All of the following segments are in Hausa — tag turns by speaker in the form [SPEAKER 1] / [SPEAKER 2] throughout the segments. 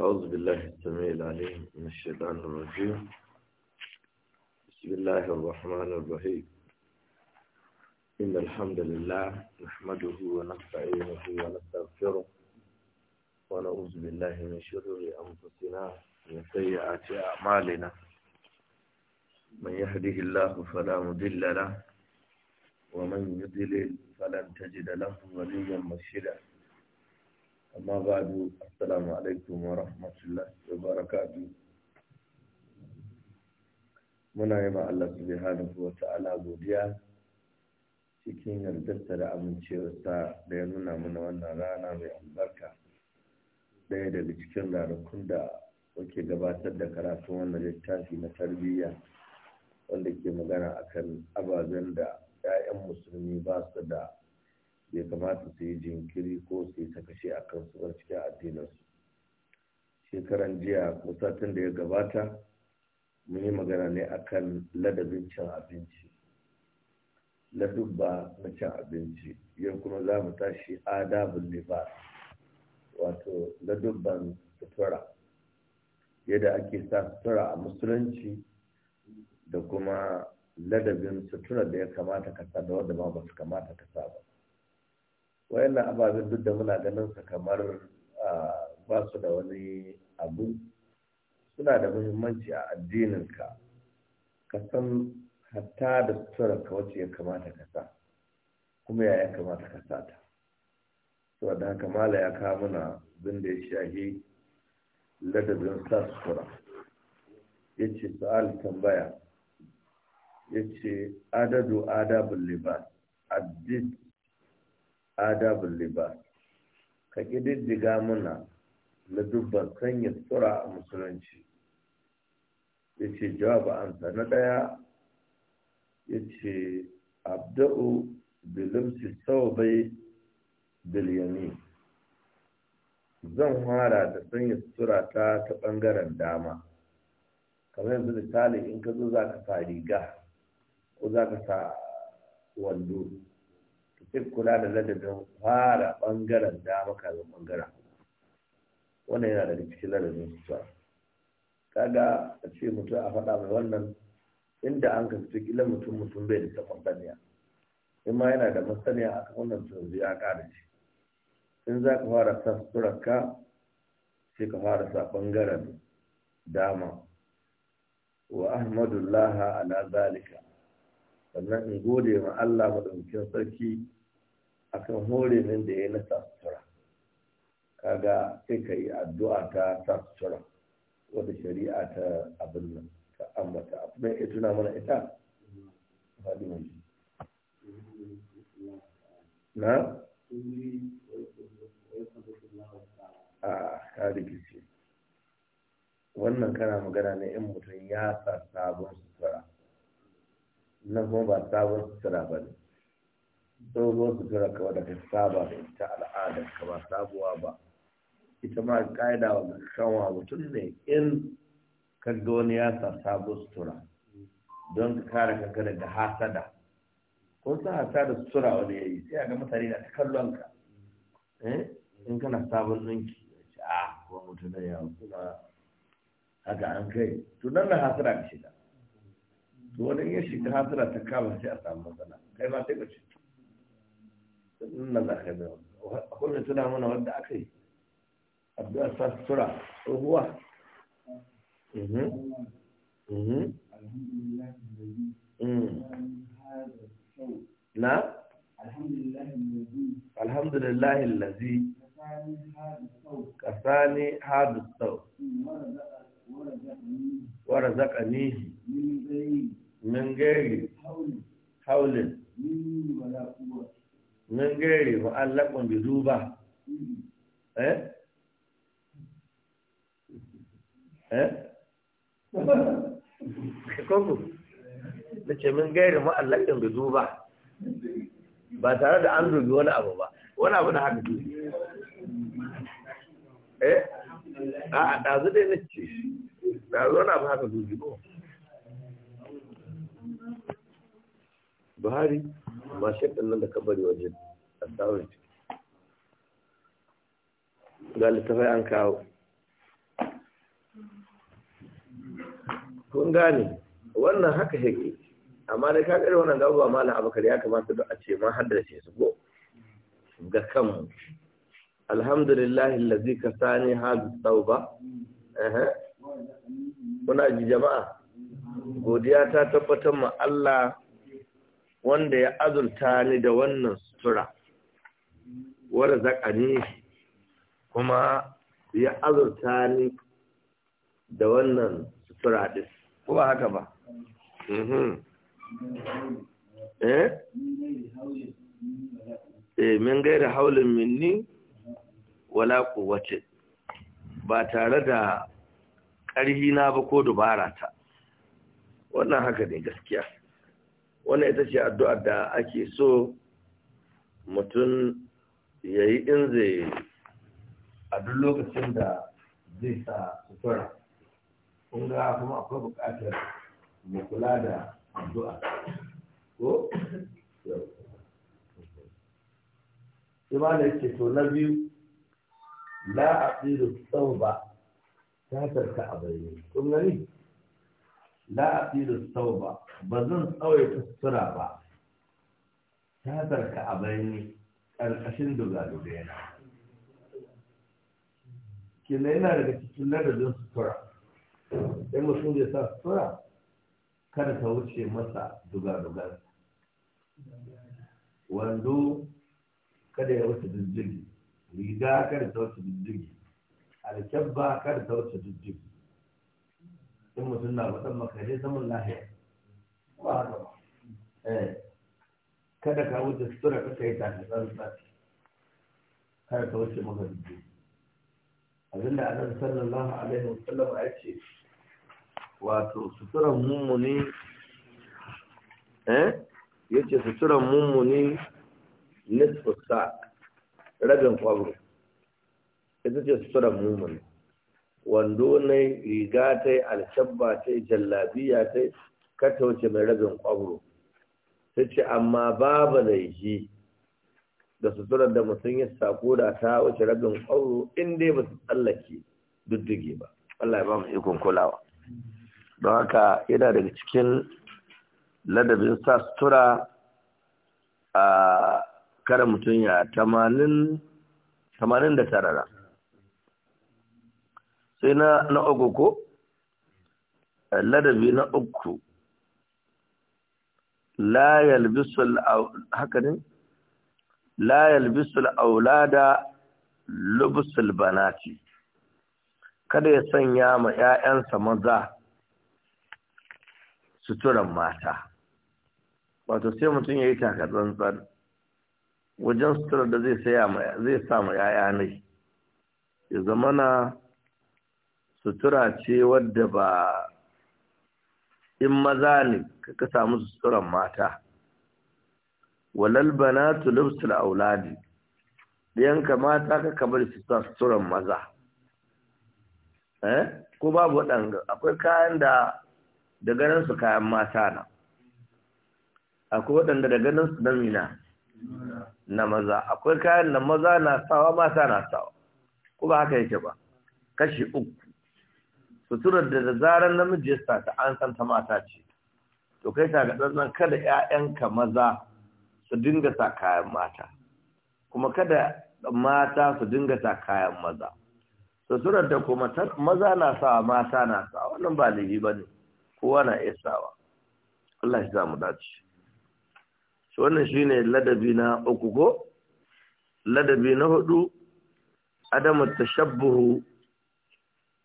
[SPEAKER 1] أعوذ بالله السميع العليم من الشيطان الرجيم بسم الله الرحمن الرحيم إن الحمد لله نحمده ونستعينه ونستغفره ونعوذ بالله من شرور أنفسنا ومن سيئات أعمالنا من يهده الله فلا مضل له ومن يضلل فلن تجد له وليا مرشدا amma ba du assalamu alaikum wa rahmatullah wa barakatu muna yi ma Allah subhanahu wata ala godiya cikin yardarsa da amincewarsa da ya nuna mana wannan rana mai albarka ɗaya daga cikin ranakun da muke gabatar da karatun wannan littafi na tarbiyya wanda ke magana akan ababen da 'ya'yan musulmi ba su da ya kamata su yi jinkiri ko su yi kashe a kan su cikin addininsu shekaran jiya ko satin da ya gabata mun yi magana ne akan ladabin cin abinci ladubba na cin abinci yau kuma za mu tashi ne libas wato ladubban sutura yadda ake sa sutura a musulunci da kuma ladabin sutura da ya kamata ka sa da wanda ba su kamata ka sa ba wayannan ababen duk da muna ganin su kamar ba su da wani abu suna da muhimmanci a addininka ka san hatta da ka wacce ya kamata ka sa kuma ya ya kamata ka sa ta saboda haka mala ya kawo mana abin da ya shahi ladabin sa sutura ya ce su'al tambaya ya ce adadu adabin libas addid adabul libas ka ƙididdiga muna na dubban sanya sutura a musulunci ya ce jawabu amsa na ɗaya ya ce abda'u bilimsi saubai bilyani zan fara da sanya tsura ta ta ɓangaren dama kamar yanzu misali in ka zo za ka sa riga ko za ka sa wando sai kula da ladabin fara bangaren dama kafin bangaren wannan yana da cikin ladabin sutura kaga a ce mutum a faɗa mai wannan inda an ka fito kila mutum mutum bai da ta saniya in ma yana da masaniya a kan wannan tunzu ya ƙara shi in za ka fara sa ka, sai ka fara sa bangaren dama wa ahmadullaha ala zalika sannan in gode ma Allah maɗaukin sarki akan hore nan da ya na sastura kaga sai ka yi addu'a ta sastura wata shari'a ta abin nan ta ambata abu da ya tuna mana ita na a ka rikice wannan kana magana ne in mutum ya sa sabon sutura Nan kuma ba sabon sutura ba ne dogon sutura ka da ta saba da ita al'adar ka ba sabuwa ba ita ma ka'ida wa kanwa mutum ne in ka ga wani ya sa sabon sutura don ka kare kanka daga hasada ko sa hasada sutura wani ya yi sai a ga mutane na ta kallon ka eh? in kana sabon ɗinki a ah, kuma mutum ya kuma haka an kai to nan na hasada ka shiga to wani ya shiga hasada ta kama sai a samu matsala kai ma sai ka shiga nan za ka yi kullum tuna mana wadda aka yi addu'ar sa sura mhm. Mhm. Mm. na alhamdulillah lazi kasani hadu sau wara zaka nihi min gairi haulin nan gare wa Allah kon bi duba eh eh kanku da ce min gairin ma'allakin da duba ba tare da an dubi wani abu ba wani abu na haka dubi
[SPEAKER 2] eh a
[SPEAKER 1] ɗazu dai na ce ɗazu wani abu haka dubi ko buhari ma shekɗin nan da kabari wajen ga littafai an kawo kun gane wannan haka yake amma dai ka kare wannan gaba malam abakar ya kamata da a ce ma haddace su go ga kanmu alhamdulillahi allazi sani hadu tauba eh kuna ji jama'a godiya ta tabbatar ma Allah wanda ya azurta ni da wannan sutura wadda zakani kuma ya azurta ni da wannan suradis, ko ba haka ba mhm. eh? eh min gaira haulin minni wala kuwace ba tare da ƙarhi na ba ko dubara ta wannan haka ne gaskiya wannan ita ce addu'ar da ake so mutum ya yi in zai a duk lokacin da zai sa sutura kun ga kuma akwai buƙatar mu kula da addu'a ko sai ma da yake to na biyu la a tsiru sau ba ta tarka a bayyane kun gani la a tsiru sau ba ba zan tsawaita sutura ba ta tarka a bayyane ƙarƙashin dugadugai na da yana daga cikin ladabin sutura Ɗan mutum ya sa sutura kada ta wuce masa dugadugan wando kada ya wuce jijjigi riga kada ta wuce jijjigi alkyabba kada ta wuce jijjigi Ɗan mutum na faɗan makarai zaman lahiya ba haka ba eh. kada ka wuce sutura ka kai ta tsantsan kada ka wuce maka dubu abinda annabi sallallahu alaihi wasallam ya ce wato suturan mummuni eh yace suturan mummuni nisfu sa rabin kwabro ita ce suturan mummuni wando ne riga ta yi alshabba ta yi jallabiya ta yi kata wuce mai rabin kwabro sai ce amma babu laifi da suturar da mutum ya sako da ta wuce rabin ƙauro inda ba su tsallake duddige ba Allah ya ba mu ikon kulawa don haka yana daga cikin ladabin sa sutura a kare mutum ya tamanin da tarara sai na uku ko ladabi na uku la yalbisul haka ne la yalbisul aulada lubusul banati kada ya sanya ma ƴaƴansa maza suturan mata wato sai mutum ya yi takatsantsan wajen suturar da zai zai sa ma 'ya'ya ne ya zama sutura ce wadda ba in maza ne ka samu suturan mata walal banatu lubsul auladi ɗiyanka mata ka kamar suturan maza eh ko babu waɗanda akwai kayan da da ganin su kayan mata na akwai waɗanda da ganin su namina na maza akwai kayan da maza na sawa mata na sawa ko ba haka yake ba kashi uku suturar da zarar namiji ya sa ta an san ta mata ce to kai ta ga dan kada ƴaƴanka maza su dinga sa kayan mata kuma kada mata su dinga sa kayan maza suturar da kuma maza na sawa mata na sawa wannan ba laifi ne, kowa na iya sawa Allah ya za mu dace shi wannan shine ladabi na uku ko ladabi na hudu adamu tashabbuhu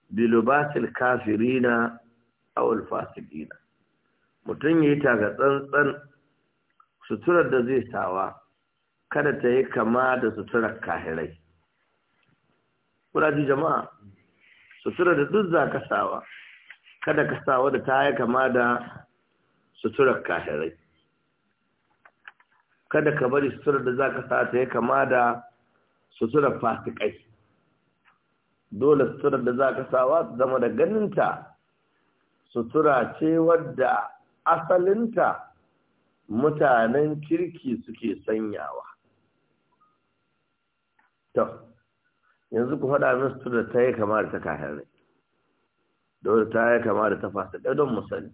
[SPEAKER 1] bilubasil kafirina awul fasikina mutum ya yi ga tsantsan suturar da zai sawa kada ta yi kama da suturar kahirai ji jama'a suturar da duk za ka sawa kada ka sawa da ta yi kama da suturar kahirai kada ka bari suturar da za ka sa ta yi kama da suturar fasikai dole suturar da za ka sawa zama da ganinta sutura ce wadda asalinta mutanen kirki suke sanyawa to yanzu ku faɗa min sutura ta yi kama da ta kayan rai dole ta yi kama da ta fasa ɗaya don musali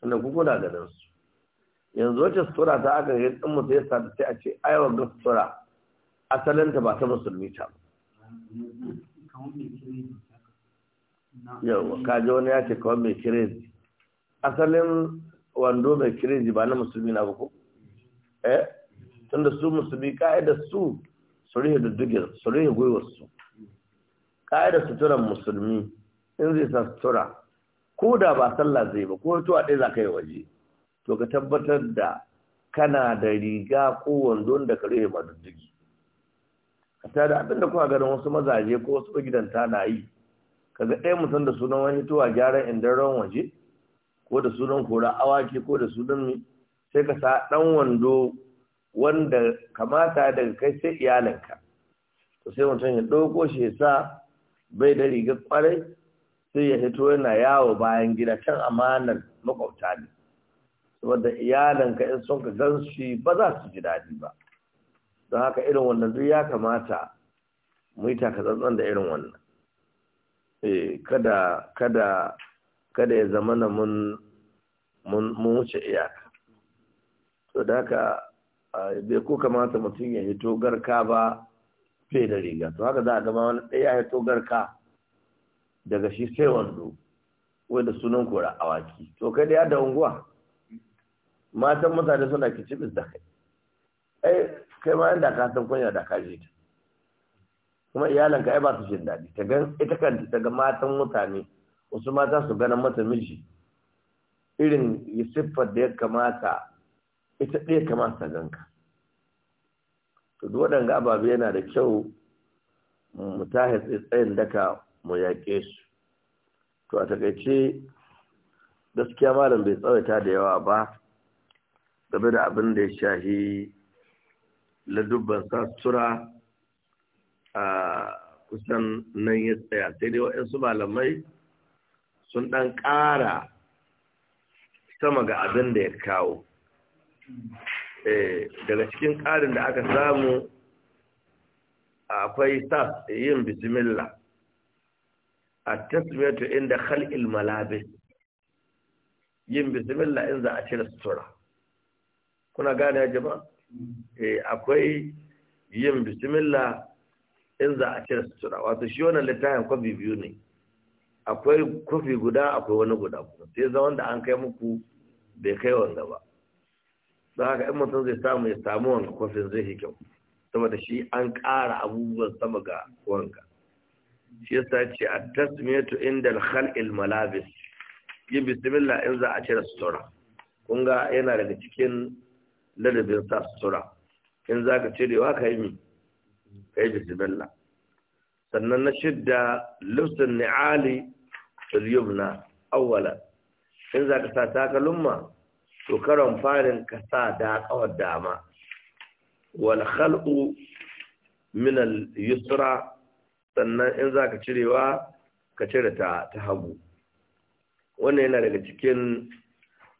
[SPEAKER 1] sannan ku kuna ganin su yanzu wacce sutura ta aka yi ɗin musu ya sa sai a ce aiwa ga sutura asalinta ba ta musulmi ta yawwa kaji wani ya ce kawai mai kirezi asalin wando mai kirezi ba na musulmi na ba ko eh tunda su musulmi ka'ida su su rihe duddugir su rihe gwiwar su Ka'ida suturan musulmi in zai sa sutura ko da ba sallah zai ba ko to a ɗaya za ka yi waje to ka tabbatar da kana da riga ko wando da ka rihe ma duddugi hatta da abin da kuka ganin wasu mazaje ko wasu ta na yi kaga ɗaya mutum da sunan wani tuwa gyaran ran waje ko da sunan kora awaki ko da sunan mi sai ka sa ɗan wando wanda kamata daga kai sai iyalinka to sai mutum ya ɗauko shi ya sa bai da rigar kwarai sai ya hito yana yawo bayan gida can amanar makwabta ne saboda iyalinka in sun ka gan shi ba za su ji daɗi ba don haka irin wannan duk ya kamata mu yi takatsantsan da irin wannan eh kada kada kada ya zama na mun mun wuce iyaka to da haka bai ko kamata mutum ya hito garka ba fiye da riga to haka za a gama wani ɗaya ya hito garka daga shi sai wando wai da sunan kora awaki to kai da yada unguwa matan mutane suna kicibis da kai kai ma inda ka san kunya da ka je ta kuma iyalanka ai ba su jin daɗi ta gan ita kan ta ga matan mutane wasu mata su ganin mata miji irin siffar da ya kamata ita ɗaya kamata ta ganka to duk waɗanga ababe yana da kyau mu tahe tsayin daka mu yaƙe su to a takaice gaskiya malam bai tsawaita da yawa ba game da abin da ya shahi ladubban sastura a kusan nan ya tsaya sai dai waɗansu malamai sun ɗan ƙara sama ga abin da ya kawo eh, daga cikin ƙarin da aka samu akwai sas yin bismillah a tasmiyatu inda khal'il malabis yin bismillah in za a cire sutura kuna gane ya jama'a Eh, akwai yin bismillah in za a cire sutura wato shi wannan littafin kwafi biyu ne akwai kwafi guda akwai wani guda kuma sai za da an kai muku bai kai wanda ba don haka in mutum zai samu ya samu wanga kwafin zai yi kyau saboda shi an ƙara abubuwan sama ga wanka. shi yasa ce a tasmiyatu inda al-khal'il malabis Yin bismillah in za a cire sutura kun ga yana daga cikin ladabin sa sutura in za ka cirewa ka yi mi ka yi bisimila. sannan na shidda lufsin ni'ali tuliyumna awwala in za ka sa takalumma to karon farin ka sa da kawar dama wal khal'u min al yusra sannan in za ka cirewa ka cire ta ta hagu wannan yana daga cikin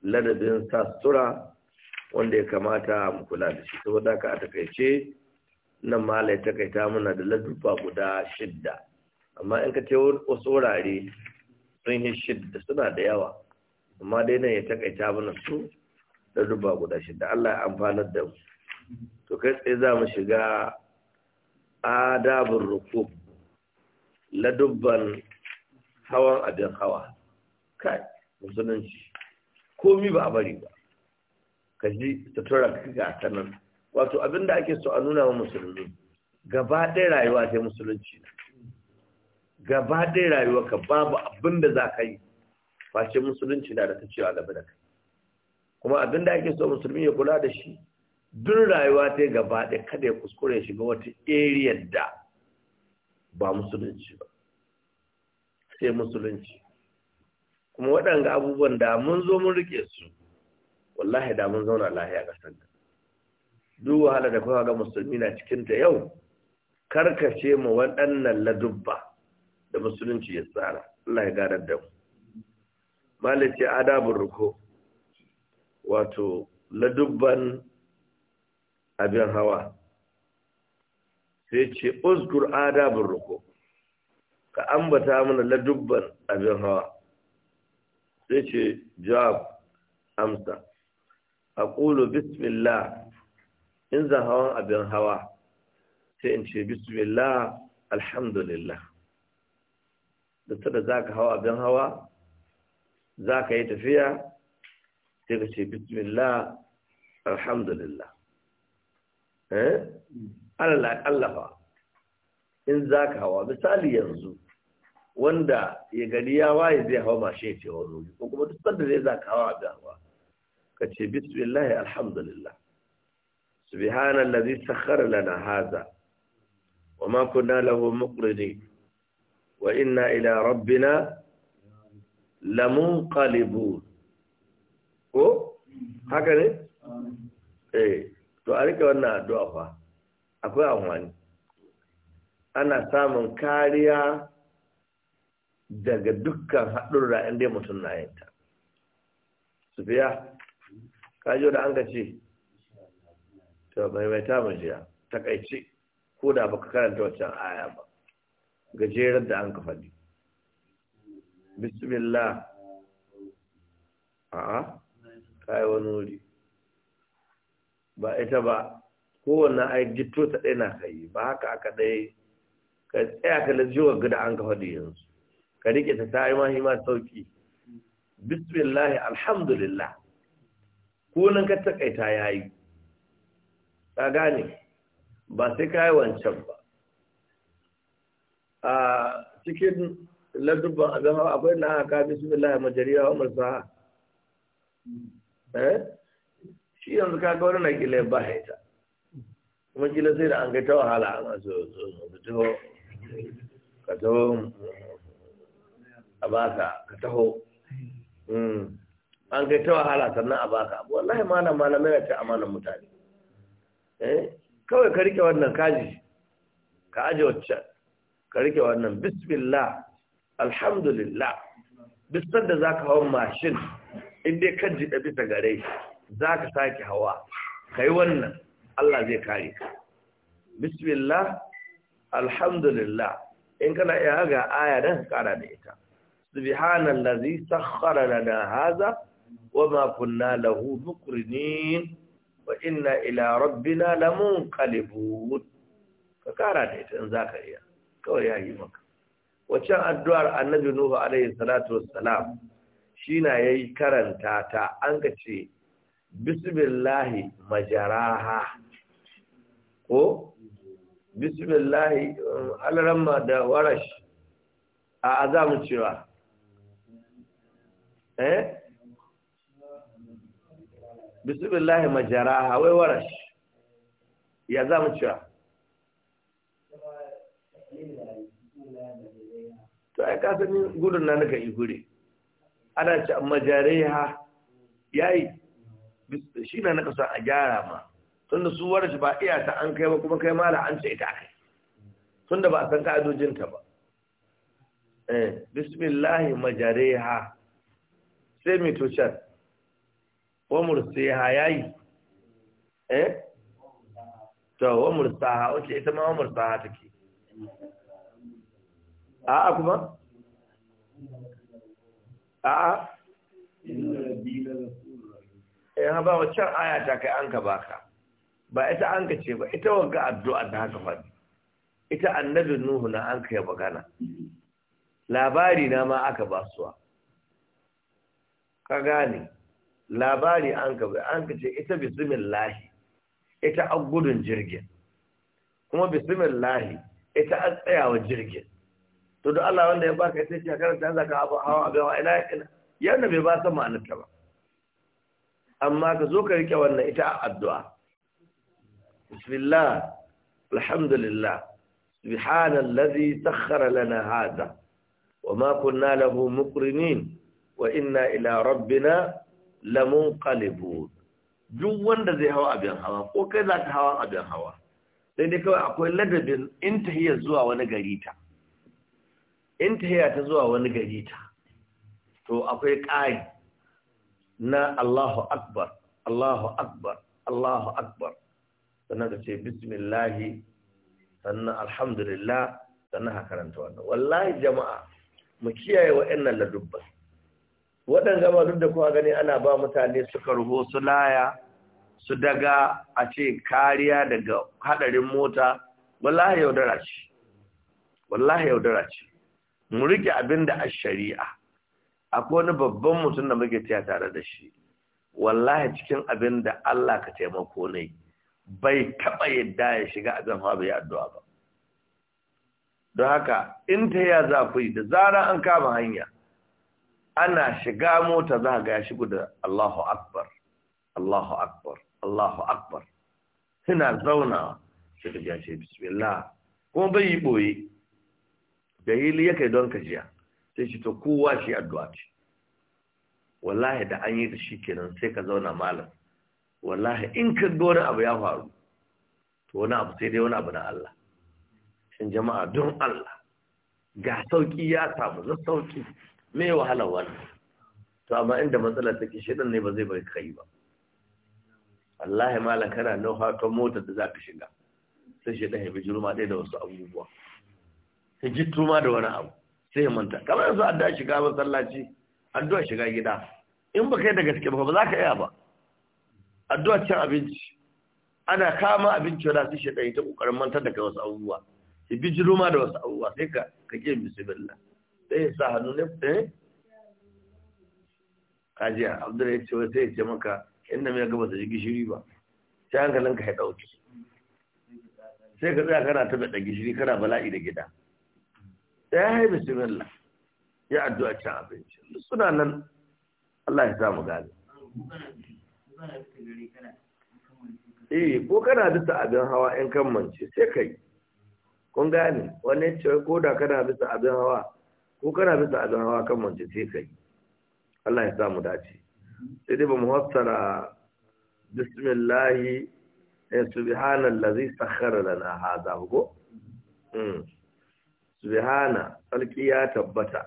[SPEAKER 1] ladabin sa sutura wanda ya kamata mu kula da shi saboda ka a takaice nan malai takaita muna da ladduba guda shidda amma in ka ce wasu wurare sun yi shidda suna da yawa amma dai nan ya takaita mana su ladduba guda shidda Allah ya amfana da mu to kai tsaye za mu shiga adabin ruku ladubban hawan abin hawa kai musulunci komi ba a bari ba ka ji ga sanar wato abin da ake so a nuna wa musulmi gaba ɗaya rayuwa sai musulunci gaba ɗaya rayuwa ka babu abin da za ka yi face musulunci na da ta cewa gaba da kai kuma abin da ake so musulmi ya kula da shi duk rayuwa ta gaba ɗaya kada ya kuskure shi shiga wata area da ba musulunci ba sai musulunci kuma waɗanga abubuwan da mun zo mun rike su wallahi da mun zauna lahiya ƙasar nan duk wahala da kuma ga musulmi na cikin ta yau karkace mu waɗannan ladubba da musulunci ya tsara Allah ya gadar da mu malice adabun ruko wato ladubban abin hawa sai ce uzkur adabun ruko ka ambata mana ladubban abin hawa sai ce jawab amsa aqulu bismillah in za hawan abin hawa sai in ce bismillah alhamdulillah da tada ka hawa abin hawa za ka yi tafiya sai ka ce bismillah alhamdulillah eh Allah Allah in zaka hawa misali yanzu wanda ya gari ya waye zai hawa mashin ce wani ko kuma duk sanda zai zaka hawa abin hawa ka ce bismillahi alhamdulillah subhanallazi sakhkhara lana hadha wama kunna lahu muqrinin wa inna ila rabbina lamunqalibun ko haka ne eh to a rike wannan addu'a fa akwai amfani ana samun kariya daga dukkan haɗurra inda mutum na yinta su biya kajo da an gace to maimaita majiya takaice ko da baka karanta wancan aya ba gajerar da an ka faɗi bismillah a'a kai wani wuri ba ita ba kowanne ai gitto ta ɗaya na kai ba haka aka ɗaya ka tsaya ka ga da an ka faɗi yanzu ka riƙe ta ta yi mahimman sauƙi bismillah alhamdulillah ko nan ka takaita yayi ka gane ba sai ka yi wancan ba a cikin ladubban abin hawa akwai na aka bismillah majariya wa marsaha eh shi yanzu ka ga wani na gile ba haita kuma gile sai da an ga ta wahala an ga so so ka taho ka taho a baka ka taho hmm. an kai ta wahala sannan a baka abu wallahi malam malamai na ce amanan mutane eh kawai ka rike wannan kaji ka aje wacce ka rike wannan bismillah alhamdulillah bisar da zaka hawa mashin in dai kan jiɗa bisa gare zaka saki hawa kai wannan Allah zai kare ka bismillah alhamdulillah in kana iya ga aya dan ka kara da ita subhanallazi sakhkhara lana hadha wa ma kunna lahu muqrinin wa inna ila rabbina lamunqalibun ka kara da ita in zaka iya kawai ya yi maka waccan addu'ar annabi nuhu alayhi salatu wassalam shi na yayi karanta ta an ka ce bismillahi majaraha ko bismillahi um, alramma da warash a azamu cewa eh bismillahi majaraha wai warash ya za mu cewa to ai kasanin gudun na nuka igure ana ce majareha yayi shi na na son a gyara ma tunda su warash ba iya ta an kai ba kuma kai mala an ce ita kai tunda ba a san ka'adojinta ba eh bismillahi majareha sai mito can wa mursaha yayi eh to wa mursaha wace ita ma wa mursaha take a'a kuma a'a eh ba wacce aya ta kai an ka ka ba ita an ka ce ba ita wanga addu'a da haka faɗi ita annabi nuhu na an kai magana labari na ma aka basuwa ka gane labari an ka an ka ce ita bismillah ita a gudun jirgin kuma bismillah ita a tsayawa jirgin to da Allah wanda ya baka sai ka karanta an zaka abu hawa ga wa ila ila yana bai ba san ta ba amma ka zo ka rike wannan ita a addu'a bismillah alhamdulillah سبحان الذي سخر لنا هذا وما كنا له مقرنين وإنا إلى ربنا lamun ƙalibu duk wanda zai hawa abin hawa ko kai za ka hawa abin hawa sai dai kawai akwai ladabin in tahiyar zuwa wani gari ta in tahiyar ta zuwa wani gari ta to akwai ƙari na Allahu akbar Allahu akbar Allahu akbar sannan ka ce bismillahi sannan alhamdulillah sannan ka karanta wannan wallahi jama'a mu kiyaye wa'annan ladubban waɗanda ba duk da kuma gani ana ba mutane suka ruho su laya su daga a ce kariya daga haɗarin mota wallahi yaudara ce wallahi yaudara ce mu rike abin da a shari'a akwai wani babban mutum da muke taya tare da shi wallahi cikin abin da Allah ka taimako ne bai taɓa yadda ya shiga abin ma bai addu'a ba don haka in ta ya zafi da zara an kama hanya ana shiga mota za ga ya shigo da Allahu Akbar Allahu Akbar Allahu Akbar suna zauna shi da ya ce bismillah kuma bai yi boye da hili yake don kajiya sai shi to kowa shi addu'a ce wallahi da an yi da shi kenan sai ka zauna malam wallahi in ka ga wani abu ya faru to wani abu sai dai wani abu na Allah shin jama'a don Allah ga sauki ya samu na sauki me wahala wani? to amma inda matsalar take ɗin ne ba zai bari kai ba wallahi malam kana ha ka motar da zaka shiga sai shi ɗaya bijiru ma dai da wasu abubuwa sai jittu ma da wani abu sai manta kamar yanzu da shiga masallaci addu'a shiga gida in ba kai da gaske ba ba za ka iya ba addu'a cin abinci ana kama abinci wala sai shi da ta ƙoƙarin mantar da kai wasu abubuwa sai bijiru ma da wasu abubuwa sai ka ka ke bismillah sai eh, sa hannu ne eh kajiya abdul ya ce sai ya ce maka inda mai gaba da ji gishiri ba sai hankalin ka ya dauki sai ka tsaya kana ta da gishiri kana bala'i da gida sai eh, ya bismillah ya addu'a can abinci suna nan Allah ya samu gane eh ko kana bisa abin hawa in kan mance sai kai kun gane wani ce ko da kana bisa abin hawa ko kana bisa abin hawa kan mace sai kai Allah ya samu dace sai dai ba mu fassara bismillahi eh subhanallazi sakhara lana hadha ko mm subhana alki ya tabbata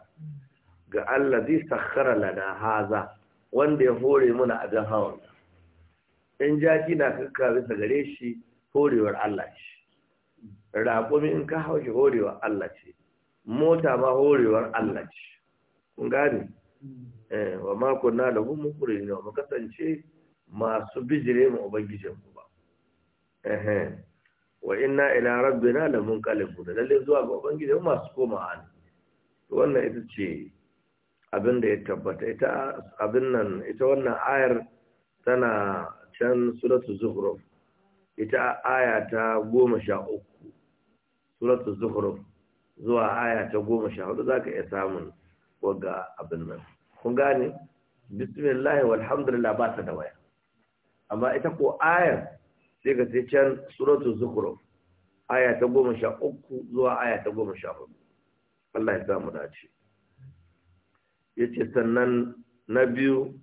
[SPEAKER 1] ga allazi sakhara lana hadha wanda ya hore mana abin hawa in jaki na kakka bisa gare shi horewar Allah shi raƙumi in ka hau shi horewar Allah ce mota ba horewar Allah ce kun gane mm. eh wa ma kunna lahu ne, wa kasance masu bijire mu ubangijin ku ba eh wa inna ila rabbina da lalle zuwa ga ubangijin masu koma ne wannan ita ce abin da ya tabbata ita abin nan ita wannan ayar tana can suratu zuhruf ita aya ta goma sha uku suratu zuhruf zuwa aya ta goma sha hudu za ka iya samun waga abin nan kun gane bismillah walhamdulillah ba ta da waya amma ita ko ayar sai ka sai can suratun zukuru. aya ta goma sha uku zuwa aya ta goma sha hudu Allah ya samu dace Ya ce sannan na biyu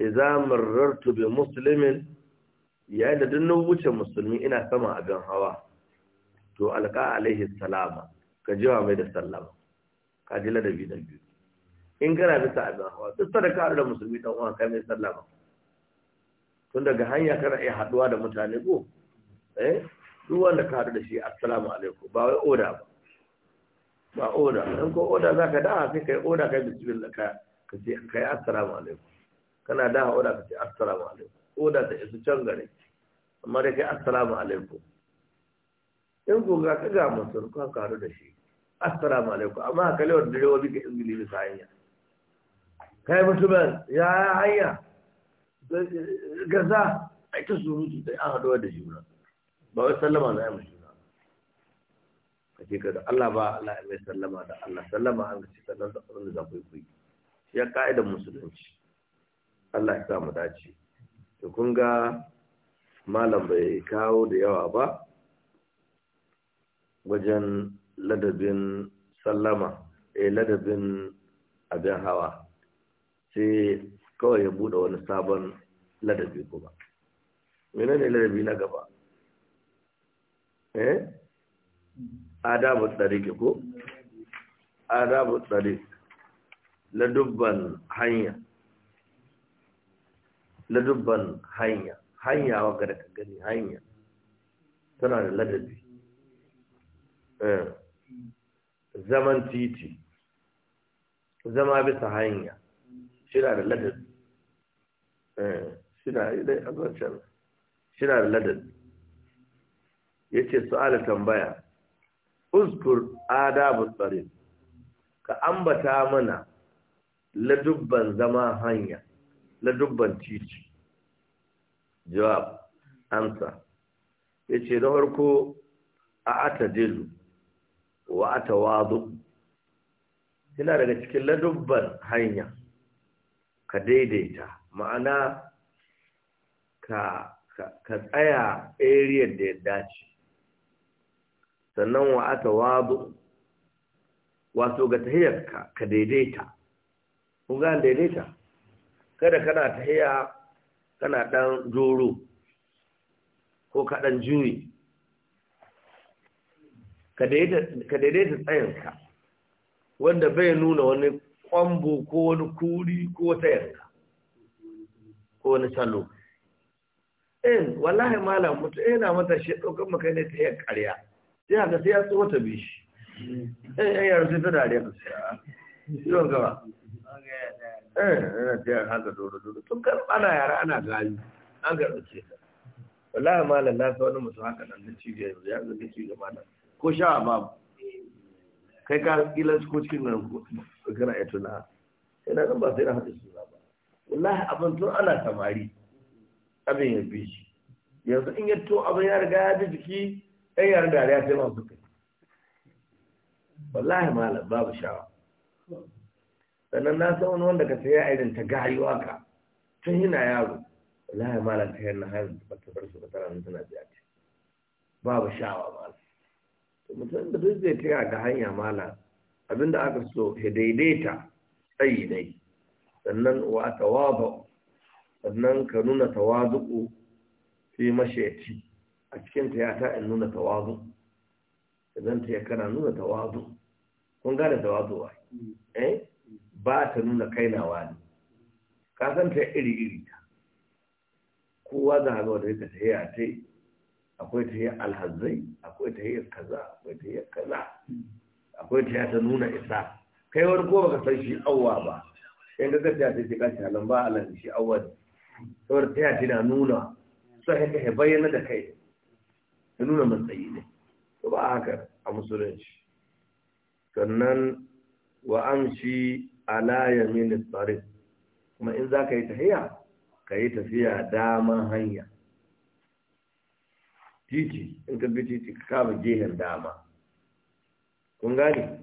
[SPEAKER 1] Iza marartu bi musulmin yayin da duk na wuce musulmi ina sama abin hawa to alka alaihi salama ka jiwa mai da sallama ka ji ladabi na biyu in kana bisa abin hawa duk sadaka da musulmi dan uwa kai mai sallama tun daga hanya kana iya haduwa da mutane ko eh duk wanda ka haɗu da shi assalamu alaikum ba wai oda ba ba oda dan ko oda zaka da sai kai oda kai bismillah ka ka ce kai assalamu alaikum kana da oda ka ce assalamu alaikum oda ta isu can gare amma dai kai assalamu alaikum in ka ga kaga mutum ka karu da shi assalamu alaikum amma ka lewa direbobi ka ingili bisa hanya kai mutumin ya hanya gaza a ta surutu da an haɗuwa da juna ba wai sallama na a yi juna a ce kada Allah ba Allah ya mai sallama da Allah sallama an gaci sannan da tsarin da za ku yi kuyi shi ya ka'ida musulunci Allah ya sa mu dace to kun ga malam bai kawo da yawa ba wajen ladabin sallama eh ladabin abin hawa sai kawai ya bude wani sabon ladabi kuma ne ladabi na gaba eh adabu tsariki ko adabu tsariki ladubban hanya ladubban hanya hanya wa da ka gani hanya tana da ladabi Eh, zaman titi zama bisa hanya shida da ladabi eh, shida da a shida da ladabi ya ce su'ala tambaya uzkur adabun tsari. ka ambata mana ladubban zama hanya ladubban titi jawab amsa ya ce na farko a ata wa atawadu ina daga cikin ladubban hanya ka daidaita ma'ana ka ka tsaya area da ya dace sannan wa atawadu wato ga tahiyarka ka daidaita kun ga daidaita kada kana tahiya kana dan joro ko ka dan juyi ka daidaita tsayinka wanda bai nuna wani kwambo ko wani kuri ko wata yanka ko wani salo in wallahi malam mutu yana mata shi ɗaukar maka ne ta yi ƙarya sai haka sai ya tsoho ta bi shi in eh, yan eh, yaro sai ta dariya ta siya ah, yiwon gaba in yana ta yi haka doro doro tun kan ana yara ana gani an garɓace ta wallahi malam na sa wani mutu haka nan da cibiyar yanzu ya cibiyar malam ko sha babu kai ka kila ko cikin nan gana ya tuna sai na ba sai na haɗa su ba wallahi abin tun ana samari abin ya bi shi yanzu in yato abin ya riga ya bi jiki ɗan yaran dariya sai ma suka wallahi malam babu shawa sannan na san wani wanda ka saya irin ta gari ka tun yana yaro wallahi malam ta yana harin ba ta bar su ba tana nan tana biya ce babu shawa malam mutum da duk zai taya ga hanya mala abinda aka so ya daidaita tsayi ne sannan wa tawaba sannan ka nuna tawazu'u fi mashayaci a cikin tiyata in nuna tawazu idan ta kana nuna tawazu kun gane tawazu wa mm. eh ba ta nuna kainawa ne ka san ta iri iri ta kowa za a ga ta yi a ta yi akwai ta yi alhazai akwai ta tahiyar kaza akwai ta tahiyar kaza akwai ta ta nuna isa kai wani ko baka san shi awwa ba in ka ga ta ce kashi, shi ba alan shi awwa ne saboda tahiyar na nuna sai ka bayyana da kai ta nuna matsayi ne to ba haka a musulunci sannan wa amshi ala yamin tsarin kuma in za ka yi tahiya ka yi tafiya dama hanya titi in ka bi titi ka kama gehen dama kun gane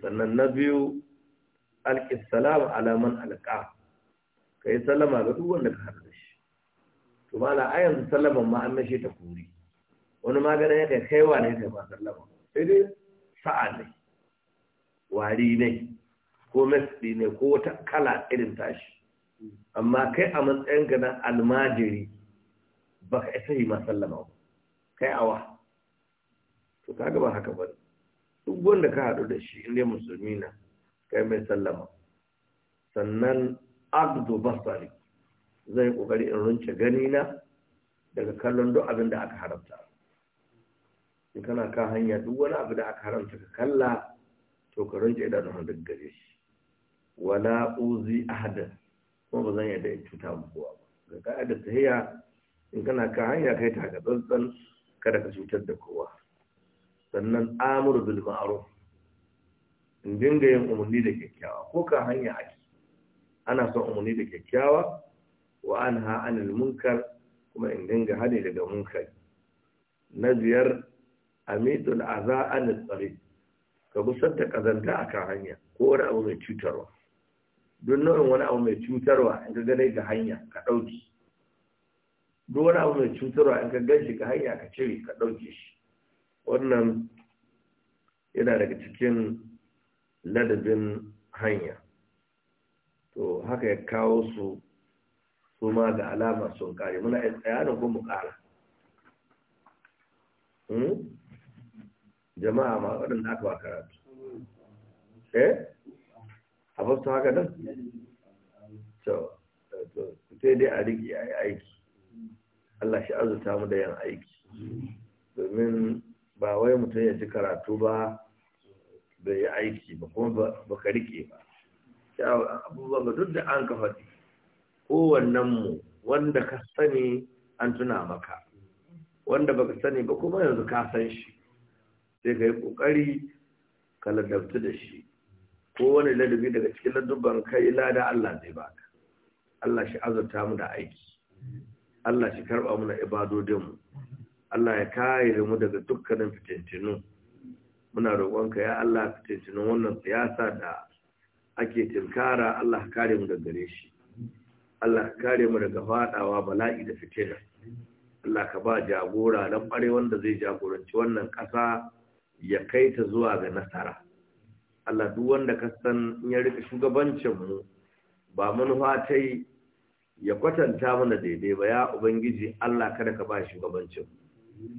[SPEAKER 1] sannan na biyu alƙisalama alaman alƙa ka yi sallama ga duk wanda ka haɗu da shi to a yanzu sallaman ma an nashe ta kuri wani maganin ya kai kaiwa ne kai ma sallama sai dai sa'a ne wari ne ko mesdi ne ko wata kala irin tashi amma kai a matsayinka na almajiri baka isa yi ma sallama ba kai awa to kaga ba haka ba duk wanda ka hadu da shi inda musulmi na kai mai sallama sannan abdu basari zan yi ƙoƙari in runce gani na daga kallon duk abin da aka haramta in kana kan hanya duk wani abu da aka haramta ka kalla to ka runce idanun hannun gare shi wala uzi ahadan kuma ba zan yadda in cuta kowa ba ga ka'adar tahiya in kana kan hanya kai ta ga tsantsan kada ka cutar da kowa sannan amur bil ma'ruf in dinga yin umarni da kyakkyawa ko ka hanya ake ana son umarni da kyakkyawa wa anha anil munkar kuma in dinga hade daga munkari na biyar amitul aza anil tsari ka gusar da kazanta a kan hanya ko wani abu mai cutarwa don nau'in wani abu mai cutarwa in ka gane ga hanya ka ɗauki duk wani abu mai cutarwa in ka ganshi, ka hanya ka cire ka ɗauke shi wannan yana daga cikin ladabin hanya to haka ya kawo su su ma ga alama sun kare muna yin tsayanin kuma ƙara. Hmm? jama'a ma waɗanda aka ba karatu eh a fasta haka nan? to sai dai a riƙe a yi aiki Allah shi azuta mu da yan aiki domin ba wai mutum ya ci karatu ba da yi aiki ba kuma ba ka rike ba abubuwan ba duk da an kafa faɗi mu wanda ka sani an tuna maka wanda ba ka sani ba kuma yanzu ka san shi sai ka yi ƙoƙari ka ladabtu da shi ko wani ladabi daga cikin ladubban kai lada Allah zai baka Allah shi azurta mu da aiki Allah shi karɓa muna ibadodinmu Allah ya kayi mu daga dukkanin fitintinu muna roƙonka ya Allah fitintinu wannan siyasa da ake tinkara Allah kare mu daga gare shi Allah kare mu daga faɗawa bala'i da fitina Allah ka ba jagora don bare wanda zai jagoranci wannan ƙasa ya kai ta zuwa ga nasara Allah duk wanda ka san ya rika shugabancin mu ba manufa ta yi ya kwatanta mana daidai ba ya ubangiji Allah kada ka ba shugabancin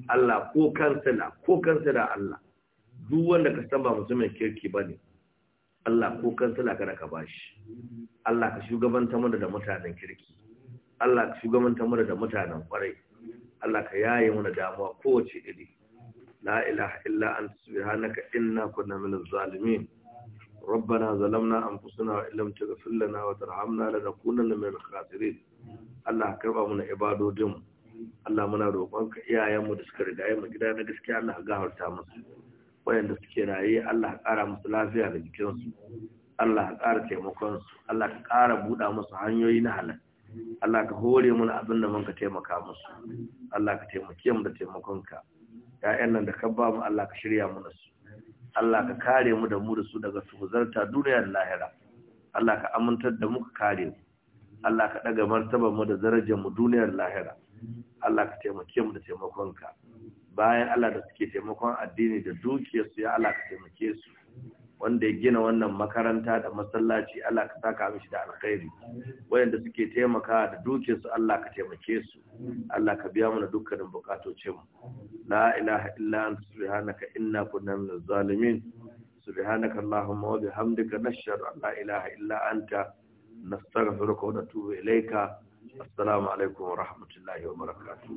[SPEAKER 1] Allah ko kansila ko kansila Allah duk wanda ka san ba mutumin kirki bane Allah ko kansila kada ka ba shi Allah ka shugabanta mana da mutanen kirki Allah ka shugabanta mana da mutanen kwarai Allah ka yaye mana damuwa kowace iri la ilaha illa anta subhanaka inna kunna minaz zalimin ربنا ظلمنا أنفسنا وإن لم تغفر لنا وترحمنا لنكونن من الخاسرين Allah karba mana ibadodin Allah muna roƙonka iyayenmu da suka rigaye mu gida na gaskiya Allah gafarta musu wayanda suke raye Allah ƙara musu lafiya da jikinsu Allah ƙara taimakon su Allah ka ƙara buɗa musu hanyoyi na halal Allah ka hore mun abin da mun ka taimaka musu Allah ka taimake mu da ka. ƴaƴan nan da ka ba mu Allah ka shirya mana su Allah ka kare mu da mu da su daga huzarta duniyar lahira Allah ka amintar da muka kare mu Allah ka daga martabar mu da darajar mu duniyar lahira Allah ka taimake mu da taimakonka bayan Allah da suke taimakon addini da su ya Allah ka taimake su wanda ya gina wannan makaranta da masallaci Allah ka saka mishi da alkhairi wayanda suke taimaka da su Allah ka taimake su Allah ka biya mana dukkanin bukatocin mu la ilaha illa anta subhanaka inna kunna minaz zalimin subhanaka allahumma wa bihamdika nashhadu an la ilaha illa anta nastaghfiruka wa natubu ilayka assalamu alaikum wa rahmatullahi wa barakatuh